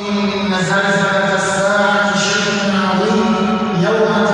إن زلزلة الساعة شيء عظيم يوم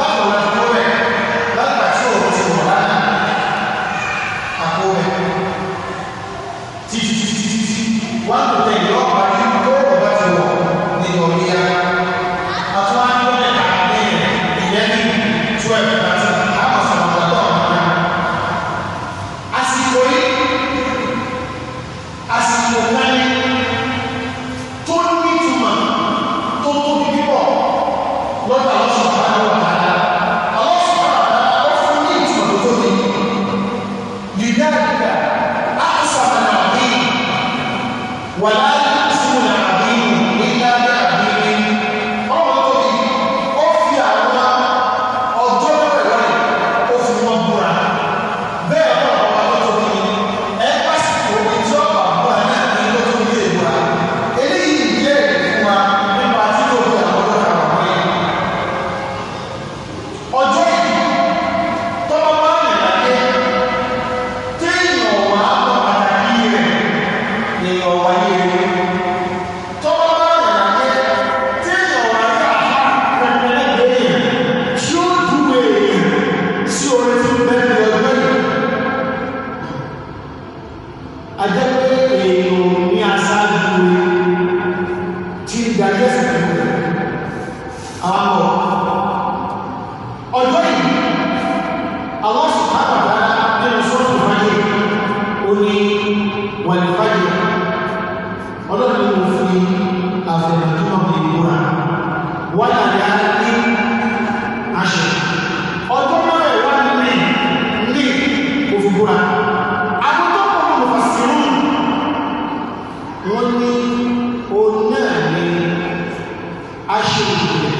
Love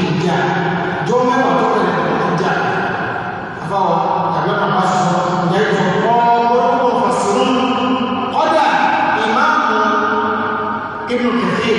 ìjà jọ mẹ́wàá tó rẹ̀ ìjà afáwọ̀ tàbí bàbá sọ ìyá ìfọ̀ ọlọ́pọ̀ fàṣírún kọ́dà ìmáàmù ibùkẹ́fẹ́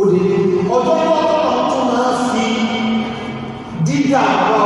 òdìdí ọjọ́ tó máa ń fi dídà wá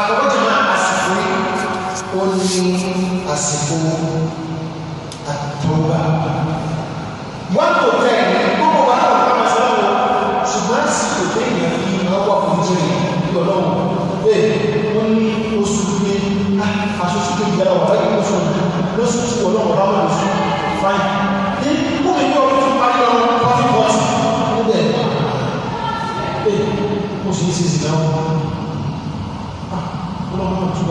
àkọ́kọ́ jẹ́ máa àsìkò ó ní àsìkò àtọ́gbà wọ́n kò tẹ̀ gbogbo wa kò ká máa sọ́wọ́ ṣùgbọ́n àsìkò tó èèyàn fi máa wà fún jẹ́ ìgbọ̀lọ́wọ́ bẹ́ẹ̀ wọ́n ní oṣù gbé aṣoṣù ah, tó gbẹ́lẹ̀ wà láti oṣù lóṣù tí ọlọ́wọ́ bá wọ́n fún fáìn ní kúmi ní you fún parí ọmọ fáfíwọ́sì ó bẹ̀ ó sì ń ṣe ìsìnkú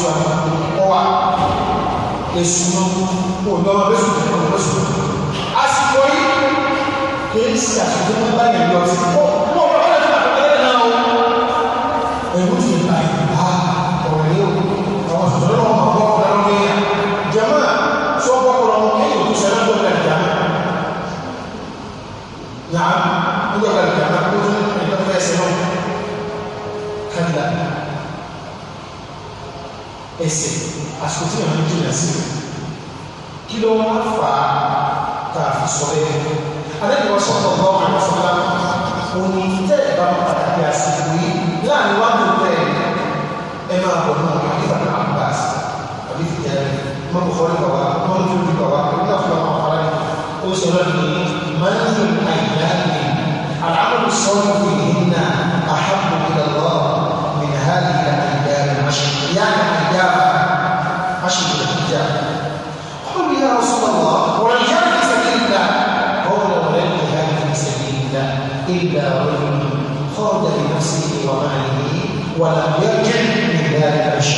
sọ ọwà èsùnà òdò ọlọ́sùn ọlọ́sùn àsìkò yìí kì í ṣe àṣìkò tó ń bá yẹn lọ sí ọ̀pọ̀. ẹsẹ̀ àsìkò tí yàrá jù yà sí kí ló wá fà á tá a fi sọ bẹ́ẹ̀ adébí wọn sọ̀tọ̀ bọ́ wọn lọ sọ́dọ̀ òní tẹ́ ẹ̀ bá wọn pàtàkì àsìkò yìí láàrin wá ló bẹ́ẹ̀ ẹ máa bọ̀ náà wọn kí bàtà wọn bá a sí àbí fi tẹ́ ẹ mọ kò bàbá mọ ní fúlù bàbá kò ní àfúlà wọn fara ni ó sọ̀rọ̀ nìyí máa ń yẹ àyè láàyè àlàáfíà sọ́ọ́ walam yarji' min dhalika bi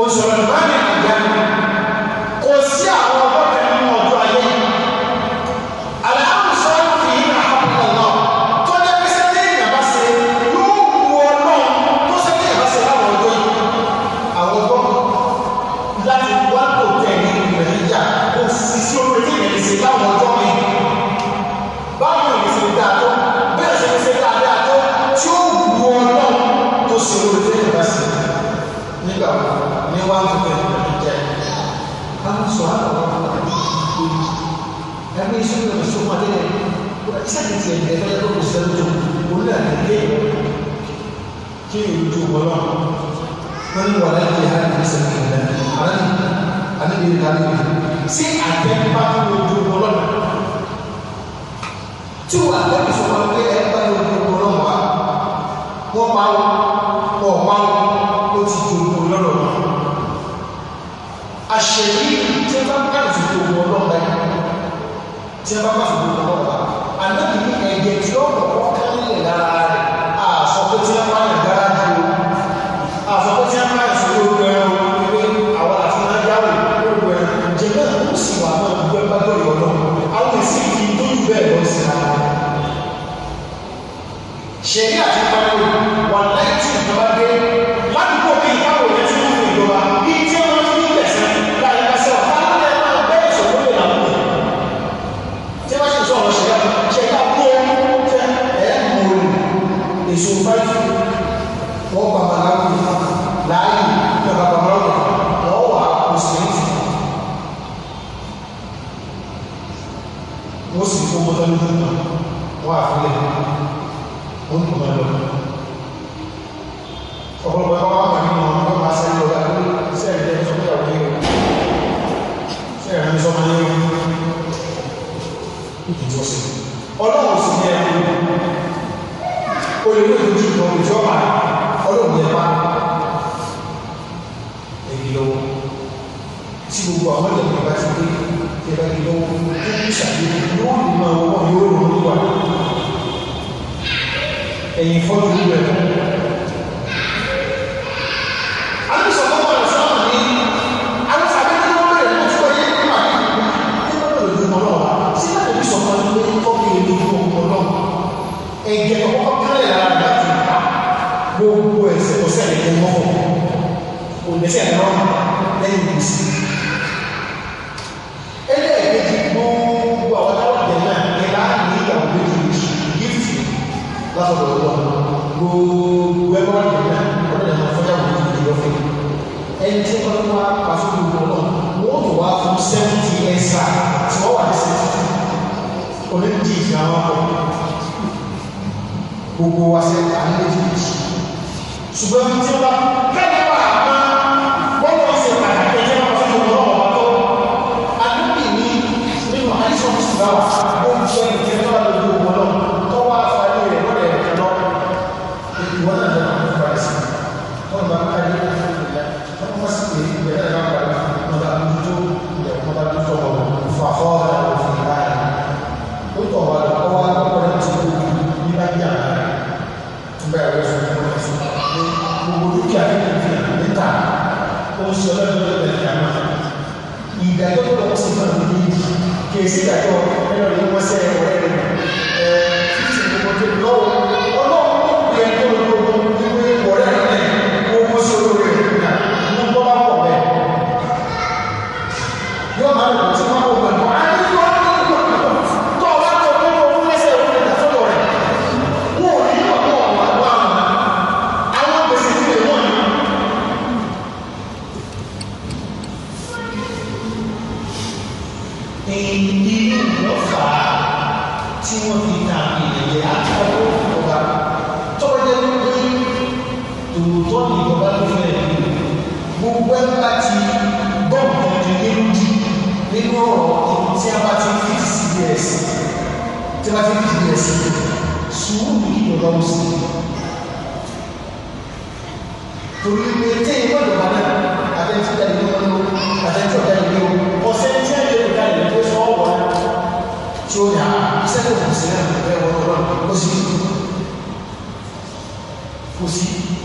Unsur al sẹ́yìn tiẹ̀ ní ẹ̀fẹ́ tó kù sẹ́yìn tó kù ní àdìgé kí ni ojú wọlọ́ wọn ní wàlá kí ẹ hàn kí sẹ́yìn kìlẹ̀ àlẹ́ àlẹ́ yìí kàlẹ́ yìí sí àgbẹ̀ bá ojú wọlọ́ tí wọ́n àgbẹ̀ bí sọ̀rọ̀ pé ẹ bá ojú wọlọ́ wà wọ́n pa wọ́n pa ó ti ju ojú wọlọ́ wà àṣẹ yìí tí wọ́n bá bá ojú wọlọ́ èèyàn kọ́kọ́ kálẹ̀ yàrá rẹ̀ láti ta gbogbo ẹ̀sìn kò sẹ́yìn tó mọ́ òun ẹ̀sìn ìgbésí. gbogbo wa sẹ àwọn méjì méjì ṣùgbọ́n tí wọ́n bá kẹ́lẹ́ bá bá ti rí ìdílé sí sùúrù yìí ló lọ́wọ́ sí torí pé tí èyí gbọ́dọ̀ bá náà àtẹ̀tí ọ̀dà ìlú ọ̀dọ́ àtẹ̀tí ọ̀dà ìlú ọ̀sẹ̀ tí a lè dá ìlú tó sọ ọ̀wọ́ tí ó yà iṣẹ́ tó kù sí náà ẹ̀rọ ọ̀rọ̀ kò sí kò sí.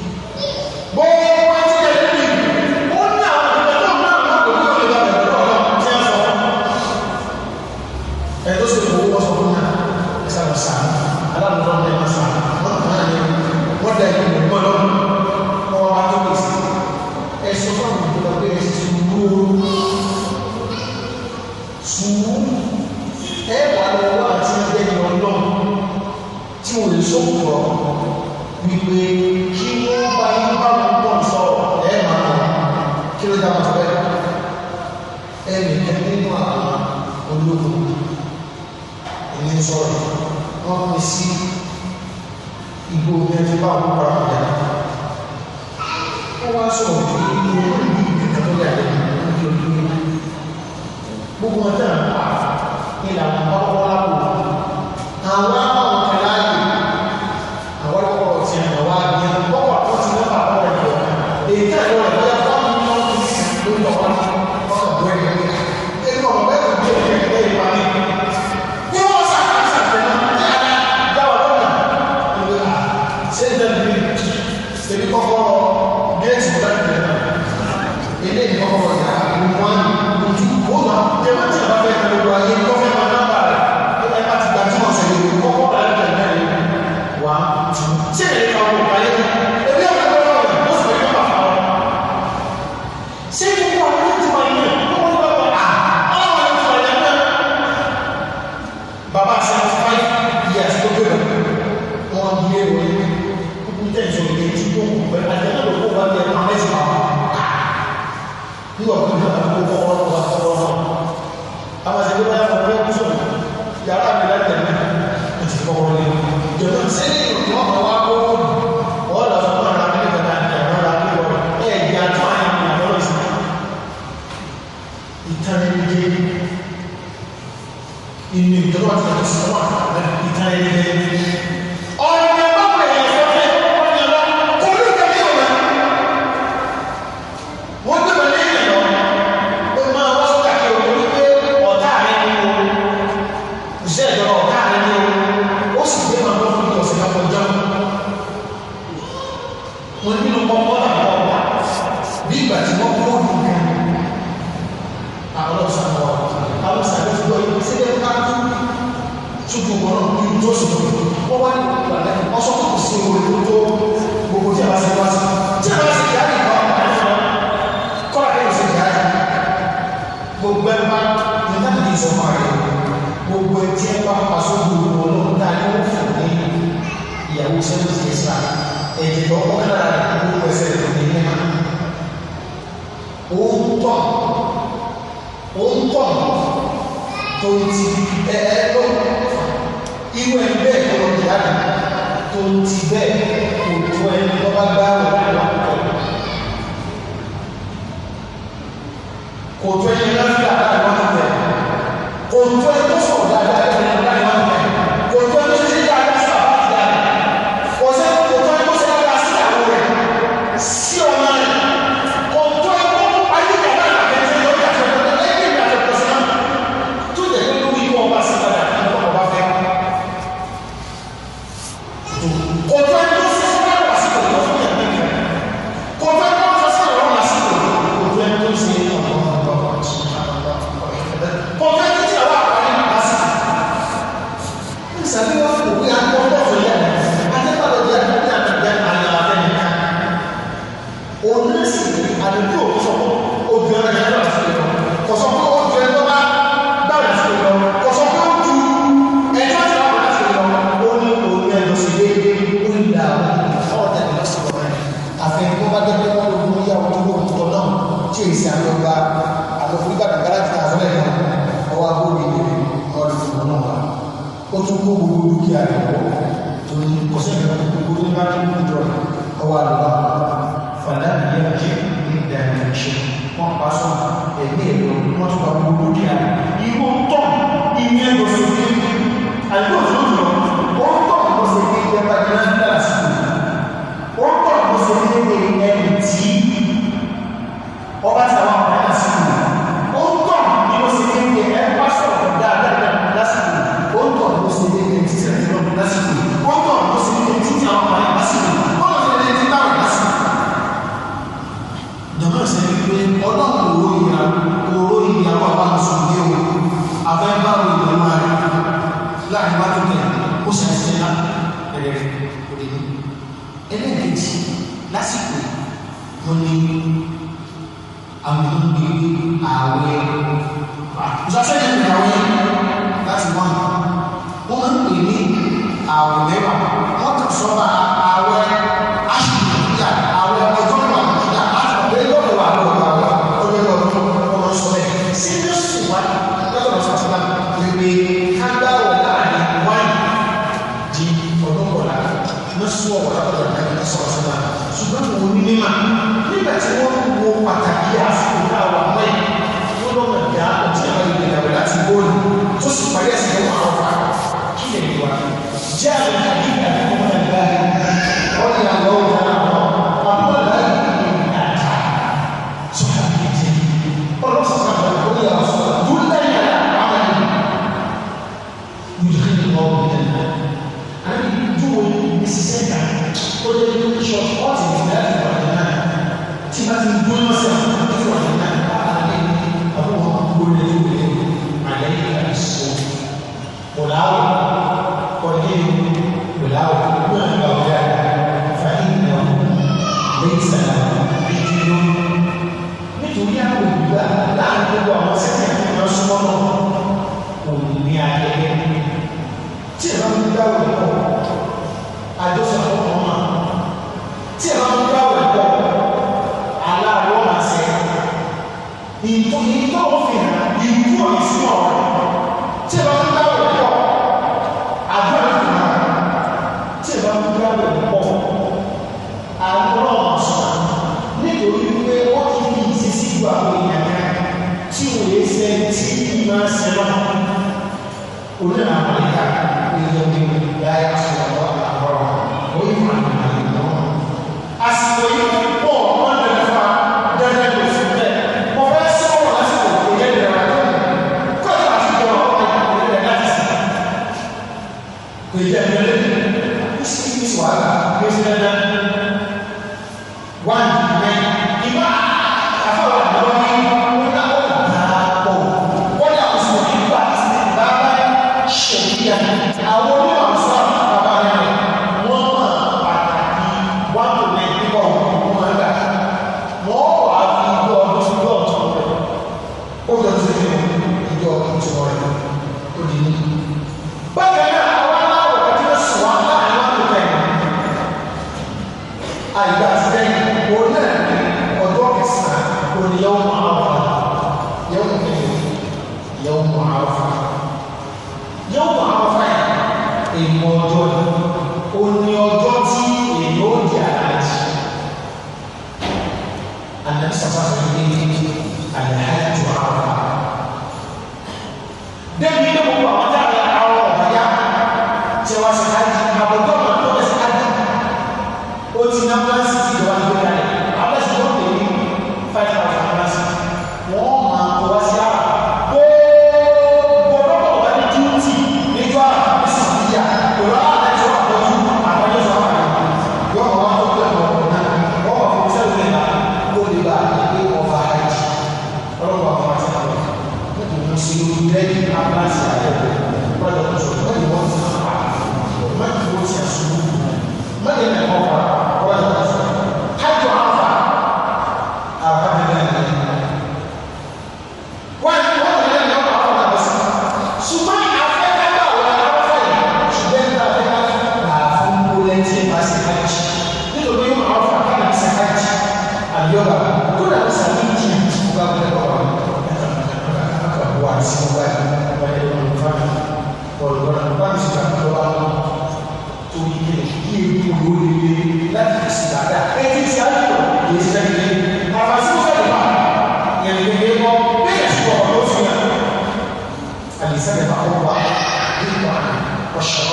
والشرع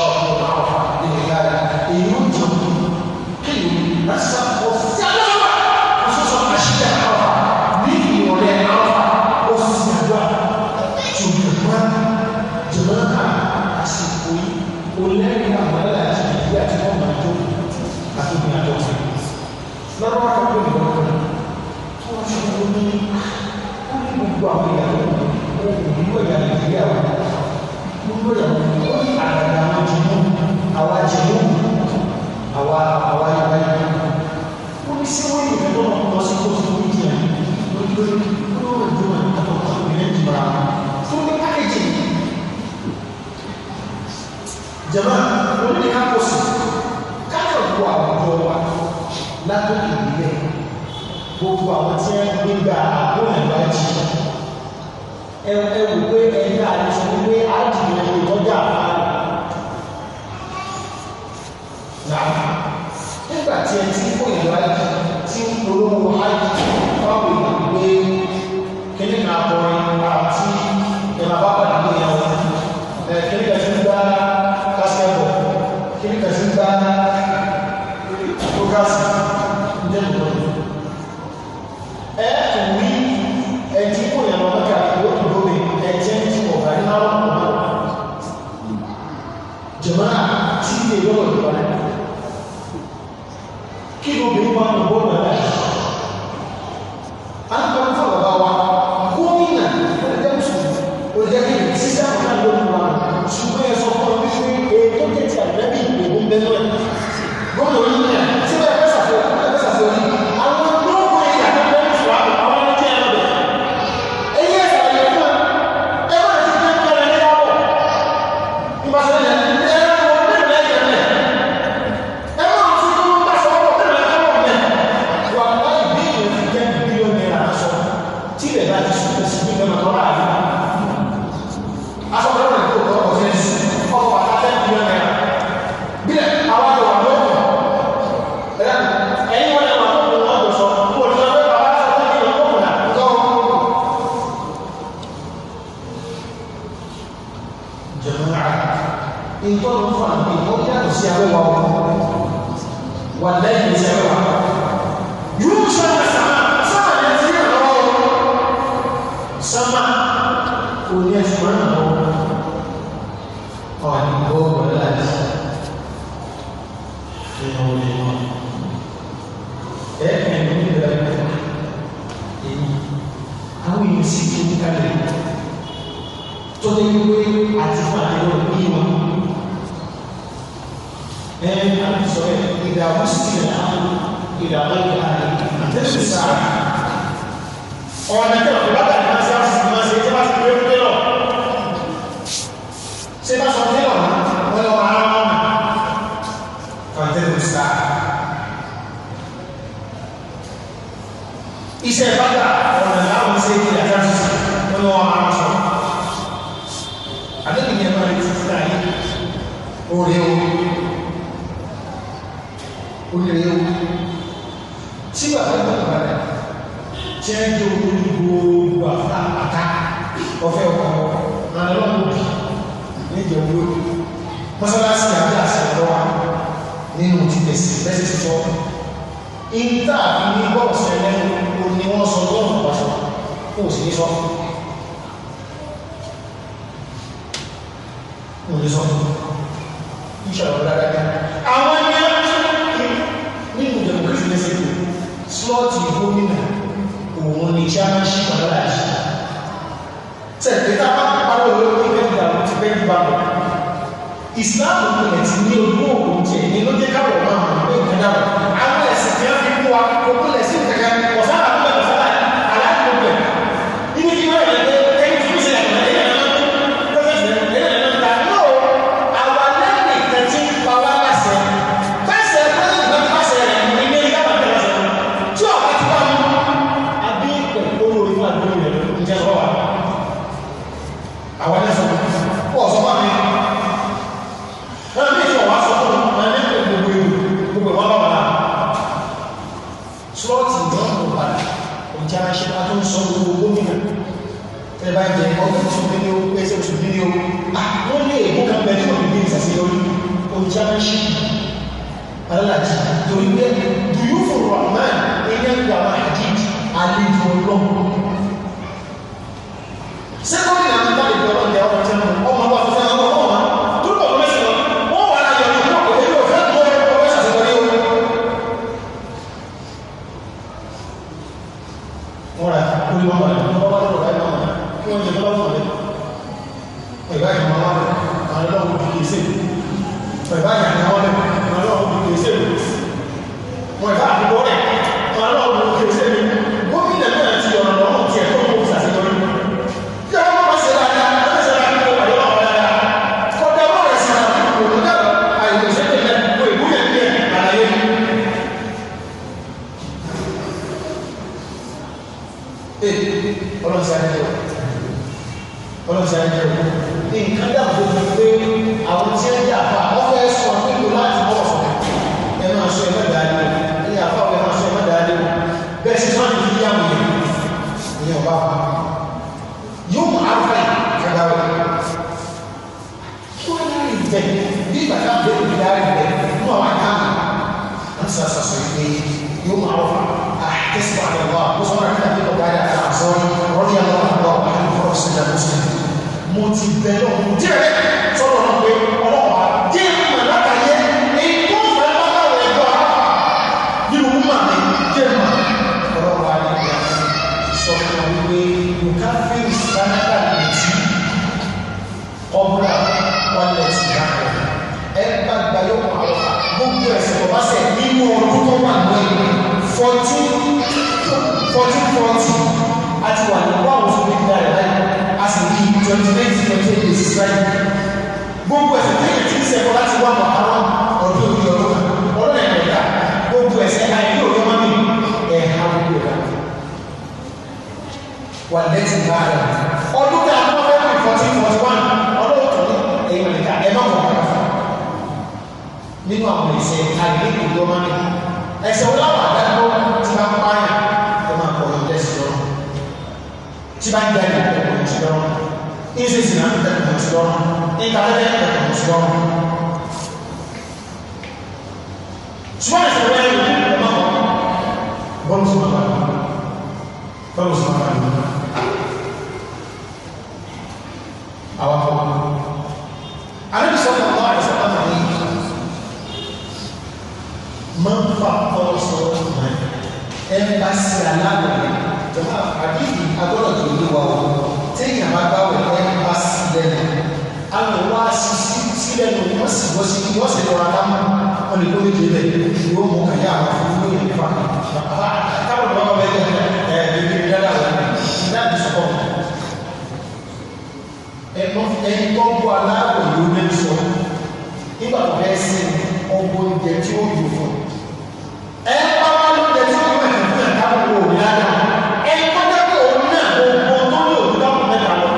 gbogbo àwọn tí wọ́n gbé gba àbúrò ìwájú ẹ ẹ wò pé ẹ̀yìn àti sọ pé àdìyẹ ìtọ́jú àfáàlà náà nígbà tí ẹ ti mọ́sálásí àbí àṣàlọ́ nínú títẹ̀sí bẹ́ẹ̀ ti sọ ìta ní bọ́ọ̀ sẹ́lẹ̀ ni wọ́n sọ lọ́rùn pàṣọ kò sí ní sọ kò ní sọ ìṣàlọ́ dáadáa àwọn ní nínú ìjọba kìrìsìtì slọ́ọ̀tì gómìnà òun ni chairmanship aláàjì tẹ̀lé tá a bá parí olóòrùn Está no começo, meu àwọn afọwọ́n alẹ́bí sọ́kọ̀ lọ́wọ́ àti sọ́kọ̀ náà ní máa ń fa ọ̀rọ̀ sọ́kọ̀ náà ẹ̀ ń bá sí aláàbò rẹ̀ jọba àbíyí agbọ́dọ̀ tó ní wa wọn téèyàn máa bá wọ̀ ẹ̀ ń bá sí lẹ́nu àwọn wá sí sí lẹ́nu wọ́n sì wọ́n sì wọ́n sì lọ́ra dáná wọ́n lè lórí délẹ̀ ìwọ́n mọ̀ kàyà àwọn fúnfún ní ìfà àbá táwọn ọmọ bẹ́ẹ̀ ẹni tó ń bọ́ aláàbò ló ní sọ nígbà tó fẹ́ sí ọgbọ́n oúnjẹ tí ó yù fún ẹ bá wá lóúnjẹ tí ó mẹ́rin fún ẹ̀ka gbogbo òní lára ẹ kọ́jà pé òun náà gbogbo tó ní òun dáhùn mẹ́ta lọ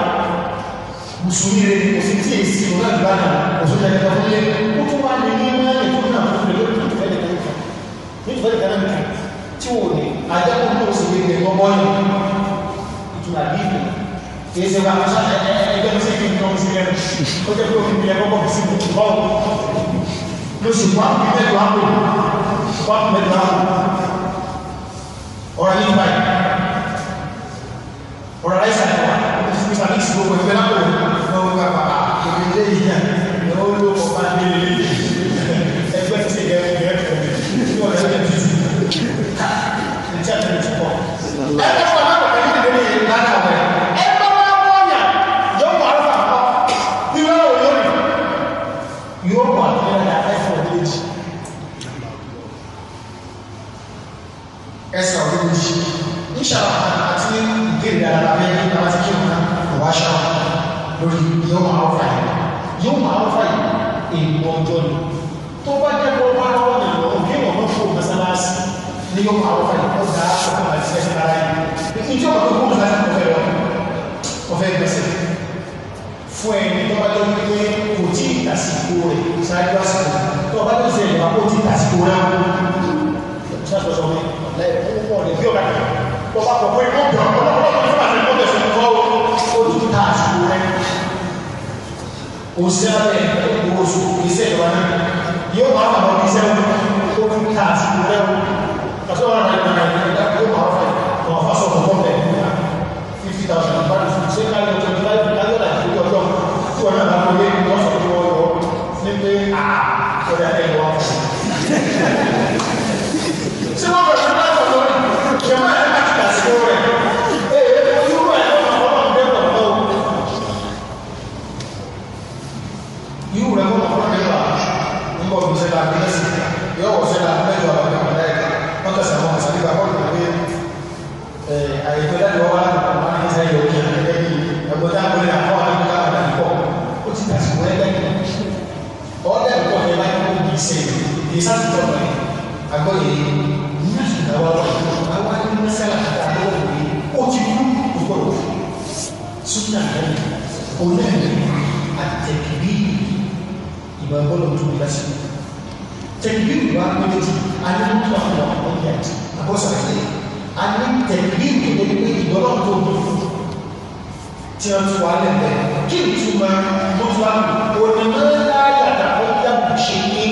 mùsùlùmí rẹ kò sí tí èsì òun náà gbà náà kò sí ẹ̀ka fún ilé ó tún wá ní ní mẹ́rin tó náà fún ilé lórí ìfẹ́ ìfẹ́ ìfẹ́ ìfẹ́ ìfẹ́ ìfẹ́ tí wò ní ajá kó considera. Qualquer coisa que vier, vamos para cima futebol. Meu chupado, que é do lado. Quatro metros do lado. Ora, ali vai. Ora, lá sai fora. O Islamic se for, vai lá para Não, não vai parar. Porque ele é Não, não vou comprar dele. É que vai ser guerra, guerra. Olha, é difícil. Não tinha tempo de pôr. yóò máa wọ́n fàyè kọ́ dáa ọkọ̀ máa ṣe E ara yìí ìjọ ọ̀dọ́ kó máa O fẹ́ wọn ọ̀fẹ́ gbèsè fún ẹni tó bá jọ wípé kò tí ì tàsìkò rẹ̀ ṣáájú àsìkò tó bá tó ṣe ìwà kò tí ì tàsìkò náà ṣàtọ̀sọ̀ mi lẹ́ẹ̀kọ́ ọ̀rẹ́ bí ọ̀gá tó bá kọ̀ pé ó bẹ̀rẹ̀ ọ̀pọ̀lọpọ̀ tó bá ti kọ́ bẹ̀rẹ̀ fún kọ́ ó ti tàsìkò rẹ̀ òṣìṣẹ́ ìgbòho ìṣẹ́ ìwà náà yóò máa bàbá ọ̀gbìn sẹ́wọ̀n ó ti Kasi wọ́n rẹ̀ nà ní ìdá yóò máa fẹ́ wọn fásọ̀ tó kọ́ bẹ̀ nígbà fifty thousand bá ní ṣé ká lè twenty five ní ọ̀nà ọ̀yà àbọ̀sàlẹ̀ a ní tẹ̀lé ìdílé pé ìdọ́lọ́ tó tó tí wọ́n ti wà lẹ́gbẹ̀ẹ́ kí ìtumọ̀ mọ́tò àmì onímọ̀ láyàtà ó yàgò ṣe ní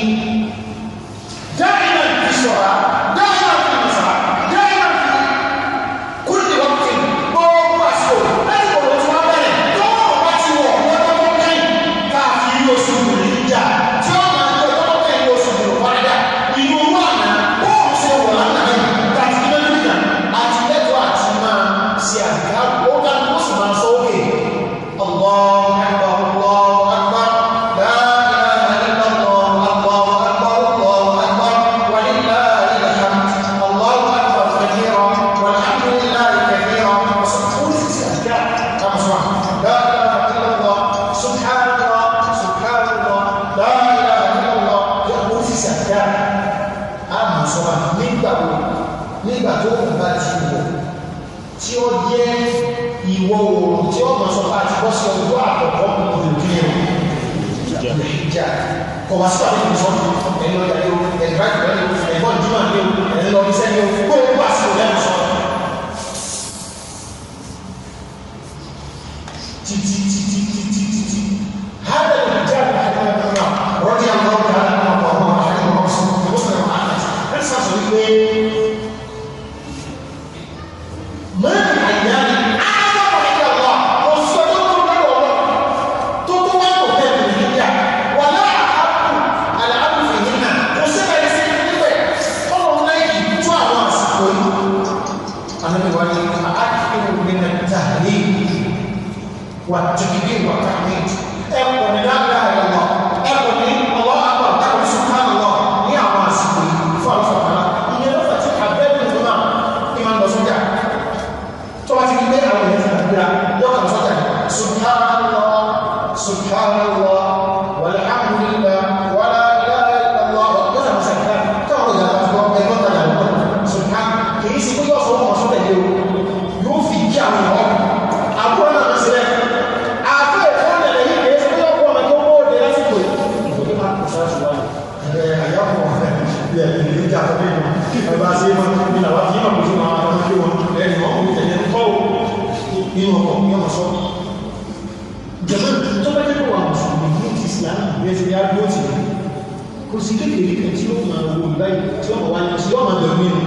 kò sí kékeré kan tí yóò máa wò báyìí tí yóò máa wáyé tí yóò máa dọ̀ mí nù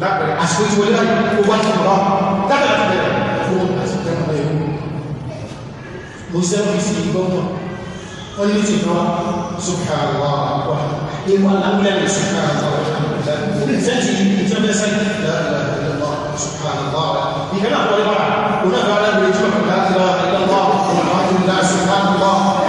lápẹ̀rẹ̀ àsìkò tí wọlé báyìí kó wá ti bá dábàá ti bẹ̀rẹ̀ fún àsìkò tí wọlé yìí mo sẹ́wọ́n fi sí gbọ́mọ̀ wọ́n ní ti náà subhanallah wa ìwà lámìlẹ̀ subhanallah wa sẹ́tì ìjọba subhanallah wa ìkànnà àkọ́lé bára òun náà bá alábẹ̀rẹ̀ jùlọ kàkà àti bára ìlànà wa òun náà bá ti ń dá subhanallah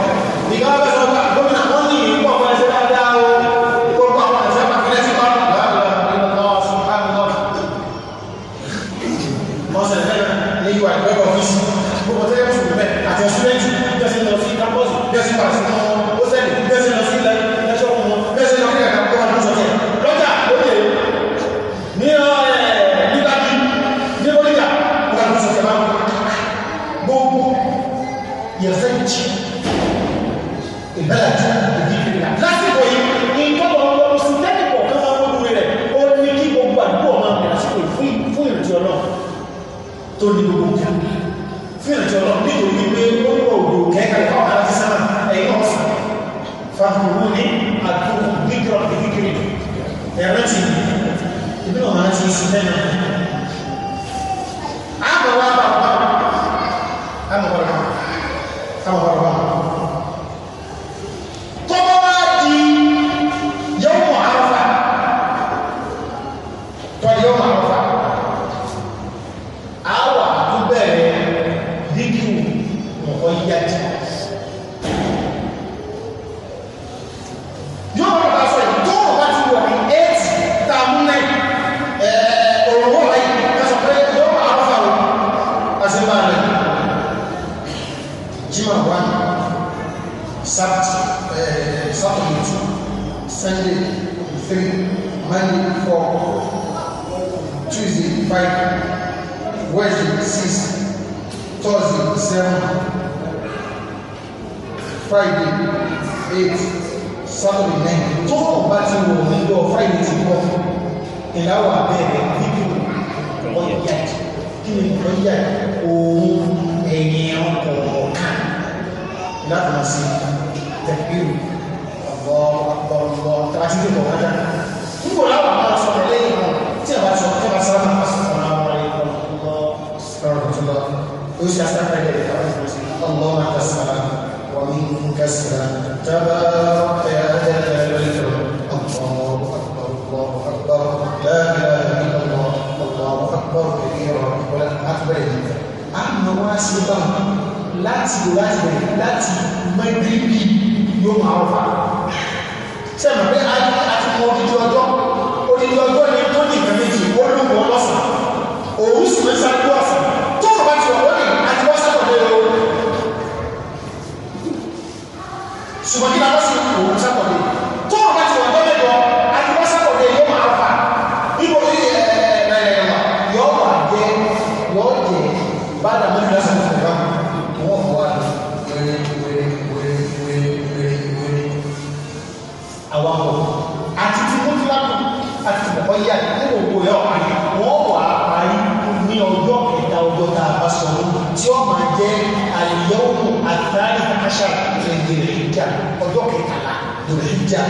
dòlíjà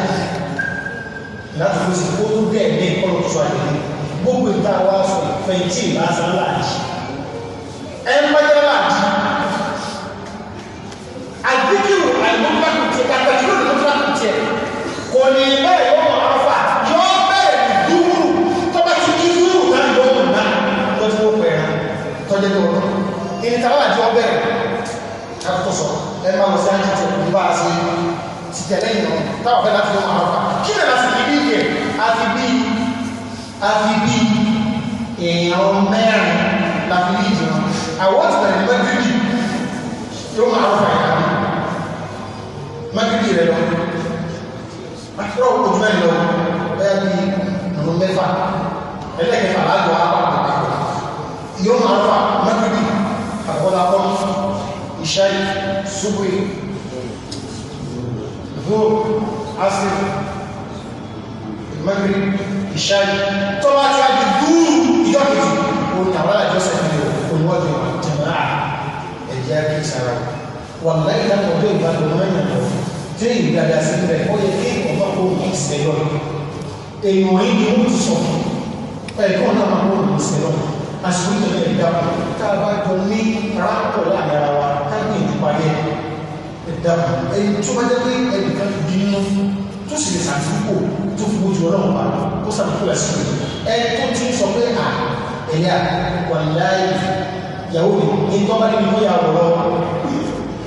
láti fi sí kó tó dẹ̀ ní ìkọlù sọ àyẹ̀wò gbogbo ìta wa sọ fẹ̀yìntì lásán láàjì ẹ ń bájá láàjì àdíkìrò àìmọ́gbàkùn tiẹ̀ àtàkìrò àìmọ́gbàkùn tiẹ̀ kò ní bẹ́ẹ̀ yọ mọ̀ áfà yọ bẹ́ẹ̀ dúró tọ́ba ti kí dúró náà yọ mọ̀ náà lọ́jọ́ tó pẹ̀ ẹ́ tọ́jú tó rọ̀ ìrìntàwá àti ọbẹ̀ rẹ̀ ká tó sọ ẹ máa lọ sí àjẹjẹ bá ìṣẹ̀lẹ̀ ìrọ̀ táwọn fẹ́ láti lọ́wọ́ àwọn kí lè láti ibi ìjẹ́ àti bí àti bí èèyàn mẹ́rin láti bí ìjẹ́ àwọn ti bẹ̀rẹ̀ mẹ́gbẹ̀rẹ̀ yóò máa rọ̀ fàyà bí mẹ́gbẹ̀rẹ̀ rẹ̀ lọ àtúrọ̀ ojú ẹ̀ lọ bẹ́ẹ̀ bí ọ̀nà mẹ́fà ẹlẹ́kẹfà lágbọ̀ àpapọ̀ yóò máa rọ̀ fà mẹ́gbẹ̀rẹ̀ àkọ́lápọ̀ ìṣẹ́ ìṣúgbẹ̀rẹ̀ ظهر عصر المغرب ìṣáájú tó bá ti wájú dúró ìjọ kejì òun tàwọn àjọsẹ̀ ní olùwọ́jọ jẹ̀mọ́ra ẹ̀jẹ̀ kìsàrà wà láyé dákọ̀ tó ìbàdàn máa ń yàtọ̀ tí èyí dada sí bẹ̀ ó yẹ kí ọ̀pọ̀ kó ní ìṣẹ̀lọ̀ èèyàn yìí ni wọ́n ti sọ ẹ̀kọ́ náà máa kó ní ìṣẹ̀lọ̀ àsìkò ìjọba ìdáwọ̀ tá a bá jọ ní ráńpọ̀ láàárín ara wa ká dàpọ̀ ẹni tó bá jẹ́ pé ẹnìkan fi di nínú tó sì lè sàtúnkò tó fi bójú ọlọ́run pa kó sàtúnkò ẹ̀ sí ẹ tó ti ń sọ pé à ẹ̀yà wàláì ìyàwó mi ní tó bá nínú ìyá ọ̀rọ̀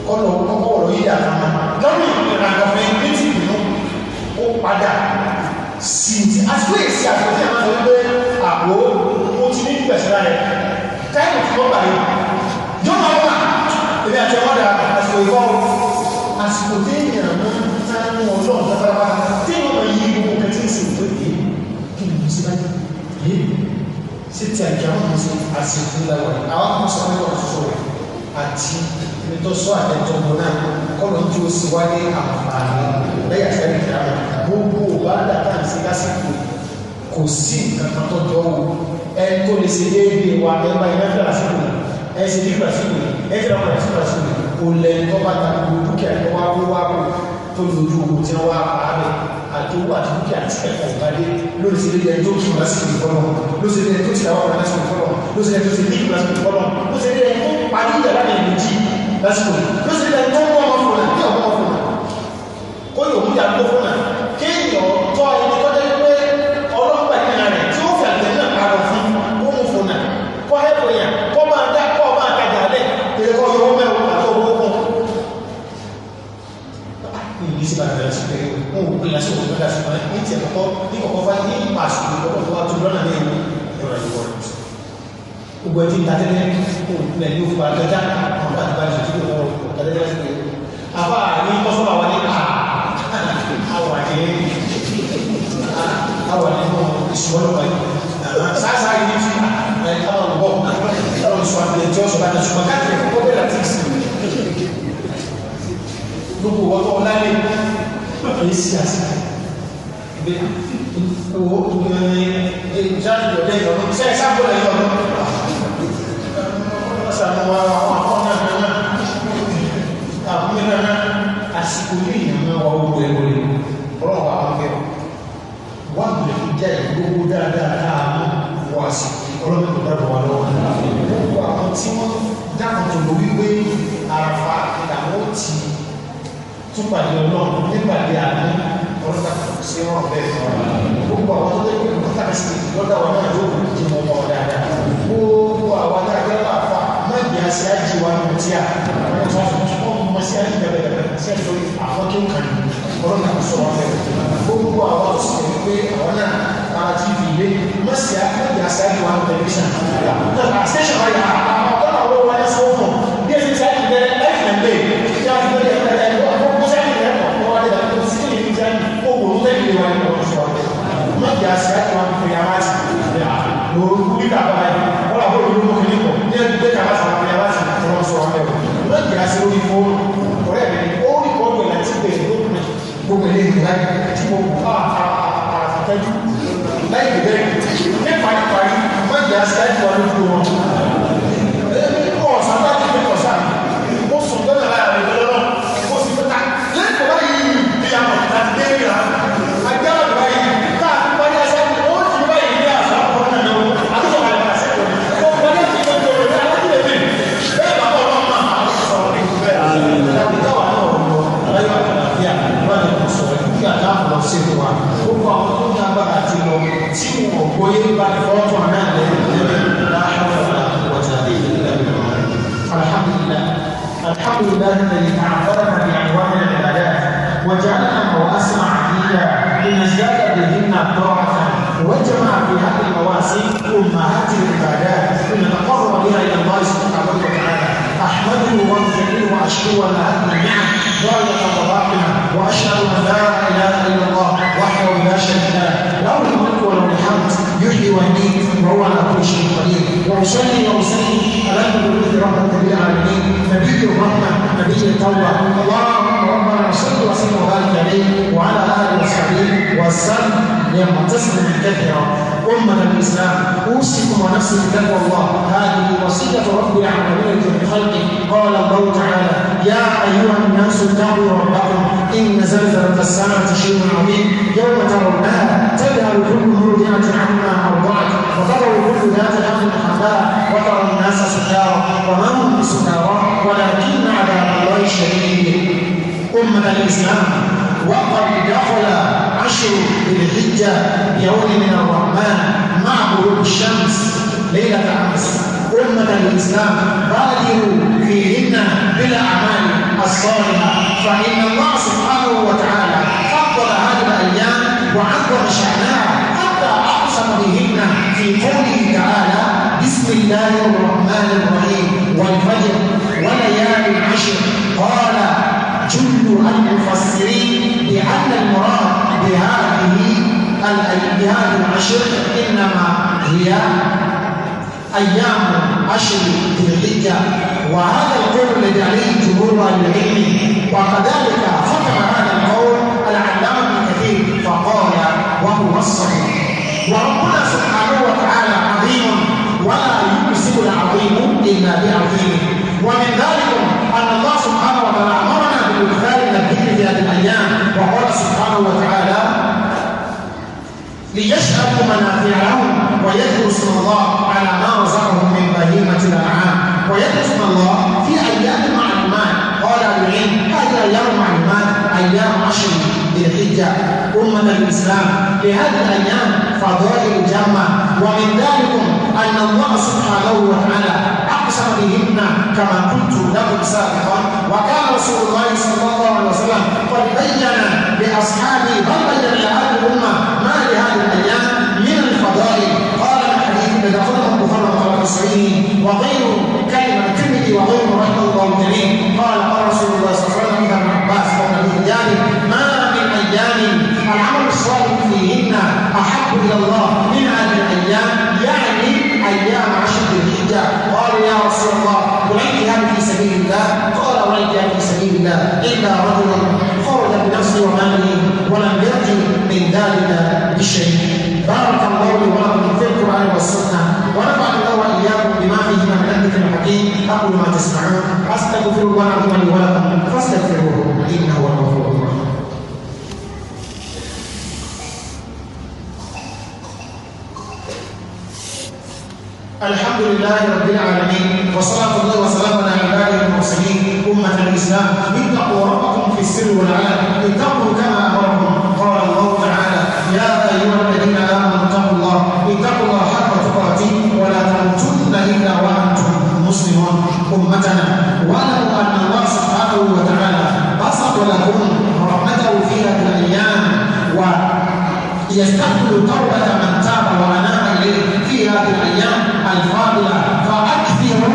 kọ́nà ọkọ̀ ọ̀rọ̀ yìí dà náà lọ́rùn ìrànlọ́fẹ́ ní ti bínú ó padà sí ti àti pé èsì àfẹ́fẹ́ máa ń lọ pé àpò ó ti ní ìgbẹ̀sẹ̀ rẹ̀ táìmù tí wọ́n gbà yìí yóò máa wà èmi àti ọmọdà àti òyìnbó àsìkò téèyàn máa ń tá ní ọlọ́run lábára téèyàn máa yí gbogbo kẹtí ìsìn tó yé kí ni mo sì láyé yé sí ti àjọ àwọn ọmọ sí àsìkò ńláwà àwọn ọmọ sọ pé wọn sọ rẹ àti nítòsọ àtẹjọ mọ náà kọlọ tí ó sì wá ní àǹfààní lẹ́yìn àfẹnì olè tó bá ta gbogbo dúkìá tó wá wó wá kù tó lójú ogun tí wọ́n wá pa rẹ̀ àti owó àti dúkìá tí ẹ̀kọ́ ìbádé lórí sí ilé ẹjọ́ òṣù lásìkò ìfọ́nà ló sì ilé ẹjọ́ ti àwọn ọ̀rẹ́ lásìkò ìfọ́nà ló sì ilé ẹjọ́ ti ní ìlú lásìkò ìfọ́nà ló sì ilé ẹjọ́ parí ìjà láàrin méjì lásìkò ló sì ilé ẹjọ́ mọ́ ọmọ fòlà ní ọmọ fòlà kó yòókù yà gbó fòlà tiẹ̀ kọ́kọ́ ní kọ̀kọ́ fà ní pàṣẹ ìgbọ́dọ̀ tó wà tó lọ́nà ní ẹ̀rọ ìwọ̀ gbogbo ẹtí tatẹ́lẹ̀ kò lẹ̀ ní òfò àtẹ́já àwọn àtìbá ìṣòtí kò lọ́wọ́ tàtẹ́já sí pé àbá ní kọ́sọ́bà wà ní àwọn àjẹ́ àwọn àjẹ́ ìṣòro wà ní sáàsá yìí fi àwọn ọ̀gbọ́n àwọn ìṣòro àbílẹ̀ tí ó sọ bàtà ṣùgbọ́n káàkiri kọ́kọ́ bẹ̀rẹ̀ àti owó ìjáde ọ̀dẹ́ ìyọ̀nù ṣe é sábò lẹ́yìn ọ̀dọ́ ọ̀sàmùwà ọ̀hún náà àbúrò náà àsìkò yìí ìyàmú wa owó ẹ̀rọ rẹ̀ ọlọ́wọ́ àwọn akẹ́kọ̀ọ́ wà lè fi jẹ́ ìgbógbó dáadáa káàmú wọ àsìkò ọlọ́wọ́ tó dábọ̀ wà lọ́wọ́ gbogbo àwọn tí wọ́n dáhùn tó àná ọlọ́dà ṣe wọ́n bẹ́ẹ̀ fún wa gbogbo àwọn tó lé pẹ̀lú pátá sí lọ́dà wa náà yóò di mọ̀ mọ̀ dáadáa gbogbo àwọn tá a jẹ́ bá fa mẹ́jì àṣẹ àjì wa nù tí a mọ̀ sí àjì bẹ̀rẹ̀ sí àjọ àwọn tó kàn ọlọ́dà sọ wọn bẹ́ẹ̀ gbogbo àwọn tó sì lè pé àwọn náà ara ti ìdí àṣẹ àti wọn fi àwọn àṣì lòókù ní kàbá yìí wọn làwọn olùdó mú kiri kọ ní ẹni pé kàbá sọ àwọn àṣì tó wọn sọ ọmọ ẹwọ ìdí àṣẹ orí fún ọ̀rẹ́ mi ó ní kọ ọgbẹ láti gbẹ gbogbo ilé ìgbà tí mo bá àtẹjú láì gbẹ nípa ìparí wọn ìdí àṣẹ àti wọn lójú wọn. ازداد بهن طاعة وجمع في هذه المواسم أمهات العبادات نتقرب بها إلى الله سبحانه وتعالى أحمده وأجزئه وأشكره هذه النعم غاية تضاعفنا وأشهد أن لا إله إلا الله وحده لا شريك له له الملك وله الحمد يحيي ويميت وهو على كل شيء قدير وأصلي وأسلم على نبي رحمة للعالمين نبي الرحمة نبي التوبة اللهم ربنا صل وسلم وبارك عليه وعلى وسلم والسلم يعتصم كثيرا أمة الإسلام أوصيكم ونفسي بتقوى الله هذه وصية رب العالمين خلقه قال الله تعالى يا أيها الناس اتقوا ربكم إن زلزلة الساعة شيء عظيم يوم ترونها تذهل كل مرضعة عما أرضعت وترى كل ذات حق حقا وترى الناس سكارى وما هم بسكارى ولكن عذاب الله شديد أمة الإسلام وقد دخل عشر ذي الحجه بيوم من الرحمن مع غروب الشمس ليله امس امه الاسلام بادروا فيهن بالاعمال الصالحه فان الله سبحانه وتعالى فضل هذه الايام وعظم شانها حتى اقسم بهن في قوله تعالى بسم الله الرحمن الرحيم والفجر وليالي العشر قال جل المفسرين لأن المراد بهذه بهذه العشر انما هي ايام عشر ذي الحجه وهذا القول الذي عليه جمهور اهل العلم وكذلك فكر هذا القول العلامه ابن كثير فقال وهو الصحيح وربنا سبحانه وتعالى عظيم ولا يمسك العظيم الا بعظيمه ومن ذلك ان الله سبحانه وتعالى امرنا بالامثال هذه الأيام وقال سبحانه وتعالى ليشهدوا منافعهم ويذكروا اسم الله على ما رزقهم من بهيمة الأنعام ويذكروا اسم الله في أيام معلومات قال العلم هذه أيام معلومات أيام عشر ذي الحجة أمة الإسلام لهذه الأيام فضائل جمة ومن ذلكم أن الله سبحانه وتعالى عليهن كما كنت لكم سابقا وكان رسول الله صلى الله عليه وسلم قد بين لاصحابه بل بين لاهل الامه ما لهذه الايام من الفضائل قال الحديث الذي اخرجه البخاري وقال الصحيح وغير كلمه الترمذي وغيره رحمه الله الكريم قال قال رسول الله صلى الله عليه وسلم عن عباس وابي ذلك ما من ايام العمل الصالح فيهن احب الى الله من هذه الايام يعني ايام عشر الهجره قالوا يا رسول الله أعيد هذا في سبيل الله قال أعيد هذا في سبيل الله إلا رجلا خرج بنفسه وماله ولم يرج من ذلك بشيء بارك الله لي ولكم في القرآن والسنة ونفعني الله وإياكم بما فيه من الذكر الحكيم أقول ما تسمعون أستغفر الله العظيم لي ولكم فاستغفروه إنه هو الغفور الرحيم الحمد لله رب العالمين وصلاة الله وسلامه على عباده المرسلين أمة الإسلام اتقوا ربكم في السر والعلن اتقوا كما أمركم قال الله تعالى يا أيها الذين آمنوا اتقوا الله اتقوا الله حق تقاته ولا تموتن إلا وأنتم مسلمون أمتنا واعلموا أن الله سبحانه وتعالى بسط لكم رحمته في هذه الأيام ويستقبل توبة من وأنام الليل في هذه الأيام الفاضلة فأكثروا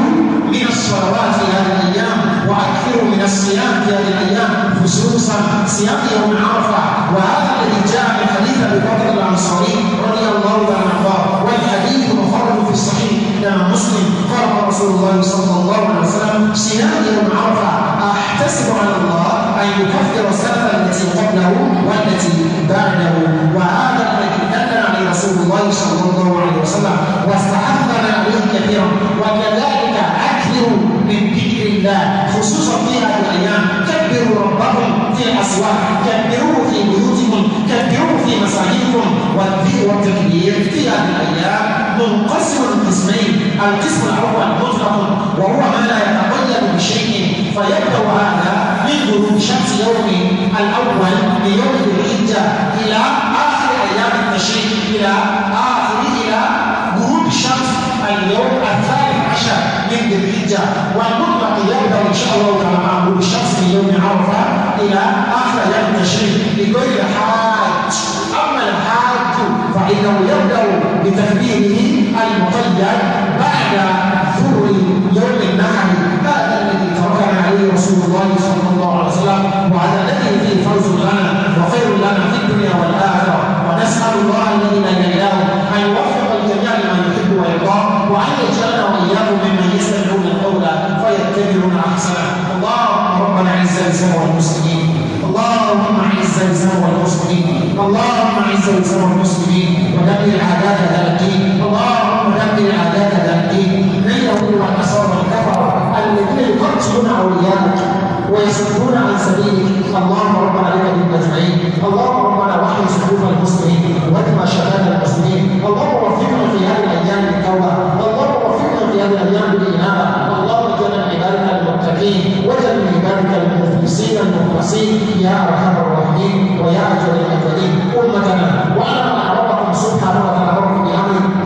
من الصلوات في هذه الأيام وأكثروا من الصيام في هذه الأيام خصوصا صيام يوم عرفة وهذا الذي جاء من حديث أبي بكر الأنصاري رضي الله عنه والحديث مخرج في الصحيح إمام مسلم فرض رسول الله صلى الله عليه وسلم صيام يوم عرفة أحتسب على الله أن يكفر السنة التي قبله والتي بعده وهذا الله صلى الله عليه وسلم واستحب عليهم كثيرا وكذلك اكثروا من ذكر الله خصوصا في هذه الايام كبروا ربكم في الاسواق كبروه في بيوتكم كبروه في مساجدكم والتكبير في هذه الايام منقسم قسمين القسم الاول مطلق وهو ما لا يتقيد بشيء فيبدا هذا من غروب شمس يوم الاول ليوم الحجه الى ايام التشريق الى اخر الى غروب الشمس اليوم الثالث عشر من ذي الحجه والمطلق يبدا ان شاء الله تعالى مع غروب الشمس في يوم عرفه الى اخر ايام التشريق لكل حاج اما الحاج فانه يبدا بتكبيره المقيد بعد يوم النحر هذا الذي تركنا عليه رسول الله صلى الله عليه وسلم وعلى الذي فيه فوز لنا وخير لنا في الدنيا والاخره ونسال الله الذي لا اله ان يوفق الجميع لما يحب ويرضى وان يجعلنا واياه ممن يستمعون القول فيتبعون احسنه اللهم ربنا اعز الاسلام والمسلمين اللهم اعز الاسلام والمسلمين اللهم اعز الاسلام والمسلمين ودمر اعداء هذا الدين اللهم تبدل عاداتك الدين لن يكون الكفر الذين يقتلون اولياءك ويصدون عن سبيلك اللهم ربنا عليك بالاجمعين اللهم ربنا وحي صفوف المسلمين وادمى شباب المسلمين اللهم وفقنا في هذه الايام للتوبه اللهم وفقنا في هذه الايام للانابه اللهم اجعلنا عبادك المتقين واجعل عبادك المخلصين المخلصين يا ارحم الراحمين ويا اجل الاجلين امتنا وانا اعرفكم سبحانه وتعالى بامره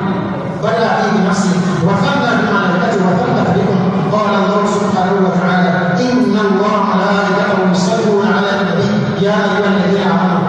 ولا فيه نفسي وثنى بمعرفته وثنى فريقه قال الله سبحانه وتعالى ان الله لا يقوم يصلون على النبي يا ايها الذين امنوا